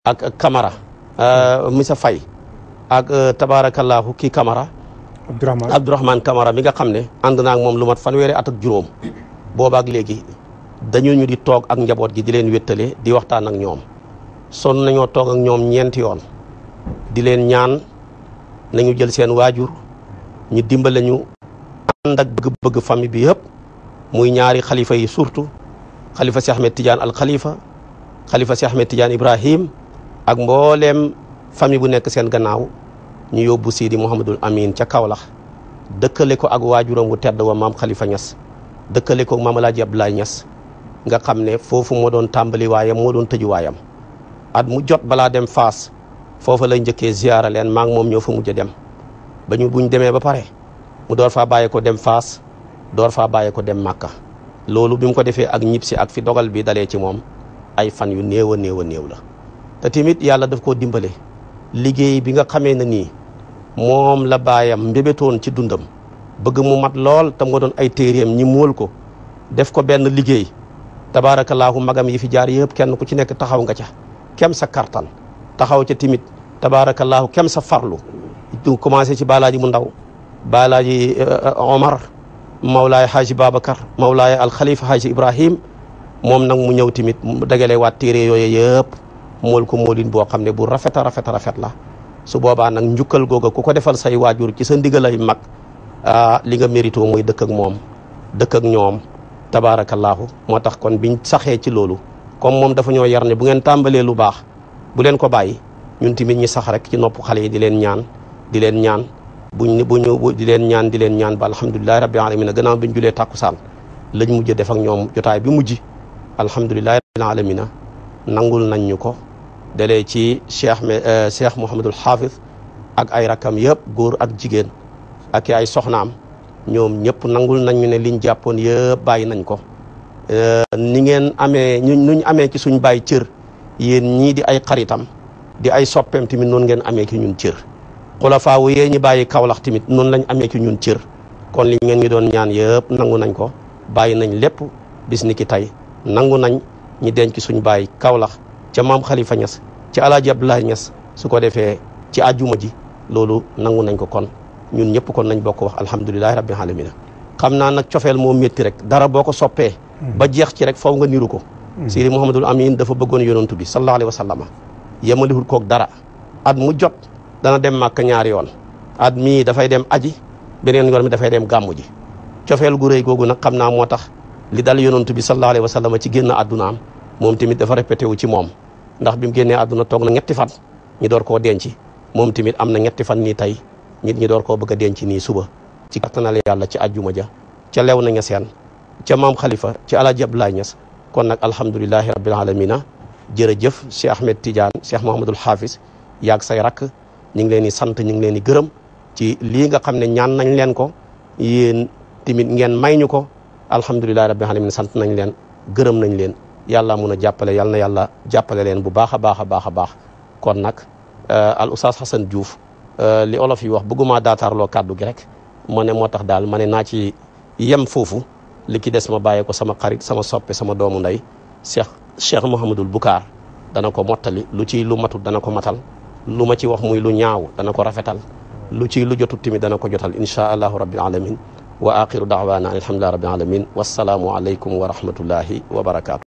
ak kamara Camara euh, Moussa fay ak euh, tabaarakallaahu kii Camara Abdourahmane kamara mi nga xam ne ànd naa moom lu mat fanweeri at ak juróom boobaak léegi dañu ñu di toog ak njaboot gi di leen wettale di waxtaan ak ñoom sonn nañoo toog ak ñoom ñeenti yoon di leen ñaan nañu jël seen waajur ñu dimbale ñu ànd ak bëgg-bëgg famille bi yëpp muy ñaari xalifa yi surtout xalifa si Ahmed Tidiane al xalifa xalifa si Ahmed Tidiane Ibrahim ak mbooleem famille bu nekk seen gannaaw ñu yóbbu Sidi Mouhamadul Amin ca Kaolack dëkkale ko ak waajuram wu tedd wa maam Khalifa Niass dëkkale ko maam Alaaji Abdoulaye Niass nga xam ne foofu moo doon tàmbali waayam moo doon tëju waayam at mu jot balaa dem Faas foofa la njëkkee ziyaara leen maa ngi moom ñoo fa mujj dem ba ñu buñ demee ba pare mu door faa bàyyee ko dem Faas door faa bàyyee ko dem Màkka loolu bi mu ko defee ak ñib si ak fi dogal bi dalee ci moom ay fan yu néew a néew la te tamit yàlla daf koo dimbale liggéey bi nga xamee ne nii moom la baayam mbébétoon ci dundam bëgg mu mat lool tam nga doon ay téeréem ñi móol ko def ko benn liggéey tabaarakallaahu magam yi fi jaar yëpp kenn ku ci nekk taxaw nga ca kem sa kartan taxaw ca timit tabaarakallaahu kem sa farlu du commencé ci baalaaji mu ndaw baalaaji euh, euh, omar mawlaay haaji babacar mawlaay alxalifa xaaji ibrahim moom nag mu ñëw timit mu dagalee waat téere yooyu yëpp mool ko moolin boo xam ne bu rafet a rafet rafet la su boobaa nag njukkal googa ku ko defal say waajur ci sa ndigalay mag li nga mérito mooy dëkk ak moom dëkk ak ñoom tabaarakallaahu moo tax kon biñ saxee ci loolu comme moom dafa ñoo yar ne bu ngeen tàmbalee lu baax bu leen ko bàyyi ñun timit ñi sax rek ci nopp xale yi di leen ñaan di leen ñaan buñ ne bu ñëw di leen ñaan di leen ñaan ba alhamdulilahi rabbil alamina gannaaw biñ julee tàkkusaan lañ mujj def ak ñoom jotaay bi mujj alhamdulilahi rabbil alamina nangul nañ ñu ko dalee ci cheikh euh, cheikh Mouhamadul Hafiz ak ay rakam yëpp góor ak jigéen ak ay soxnaam ñoom ñëpp nangul nañu ne liñ jàppoon yëpp bàyyi nañ ko. Euh, ni ngeen amee ñu ñu amee ci suñ bàyyi cër yéen ñii di ay xaritam di ay soppeem tamit noonu ngeen amee ki ñun cër. xulafaawu yee ñi bàyyi kawlax tamit noonu lañ amee ci ñun cër kon li ngeen ñi doon ñaan yëpp nangu nañ ko bàyyi nañ lépp bis ni ki tey nangu nañ ñi denc suñ bàyyi kawlax ca maam Khalifa Niass ci alaaji Abdoulaye Niass su ko defee ci àjjuma ji loolu nangu nañ ko kon ñun ñëpp kon nañ boo ko wax alhamdulilahi rabbil alamina xam naa nag cofeel moo métti rek dara boo ko soppee ba jeex ci rek faw nga niru ko hmm. Sidi Mouhamadul Amin dafa bëggoon yonantu bi sallallahu alayhi wa sallama yemalihul koog dara at mu jot dana dem màkk ñaari yoon at mii dafay dem aji beneen yoon mi dafay dem gàmmu ji cofeel gu rey googu nag xam naa moo tax li dal yonantu bi sallallahu alayhi wa sallama ci génn àddunaam moom tamit dafa répété wu ci moom ndax bi mu génnee àdduna toog na ñetti fan ñu door koo denc moom tamit am na ñetti fan nii tey nit ñi door koo bëgg a denc nii suba ci kattanal yàlla ci àjjuma ja ca lew na ñeseen ca maam xalifa ci alaaji Abdoulaye Niass kon nag alhamdulilahi rabbil alamina jërëjëf Cheikh Ahmed Tidiane Cheikh Mouhamadul Hafiz yaag say rakk ñu ngi leen di sant ñu ngi leen di gërëm ci lii nga xam ne ñaan nañ leen ko yéen tamit ngeen may ñu ko alhamdulilahi rabbil alamina sant nañ leen gërëm nañ leen yàlla mun a jàppale yal na yàlla jàppale leen bu baax a baax baax a baax kon nag euh, al oustaz Xasan Diouf euh, li olof yi wax bëgguma daatarloo kàddu gi rek ma ne moo tax daal ma ne naa ci yem foofu li ki des ma bàyyee ko sama xarit sama soppe sama doomu ndey Cheikh Cheikh Mouhamadul Bukaar dana ko mottali lu ci lu matut dana ko matal lu ma ci wax muy lu ñaaw dana ko rafetal lu ci lu jotut tamit dana ko jotal inchaa allahu rabbil alamin wa axiru daawaana an alhamdulillahi rabbil alamin wassalaamu aleykum wa rahmatullahi wa barakaatu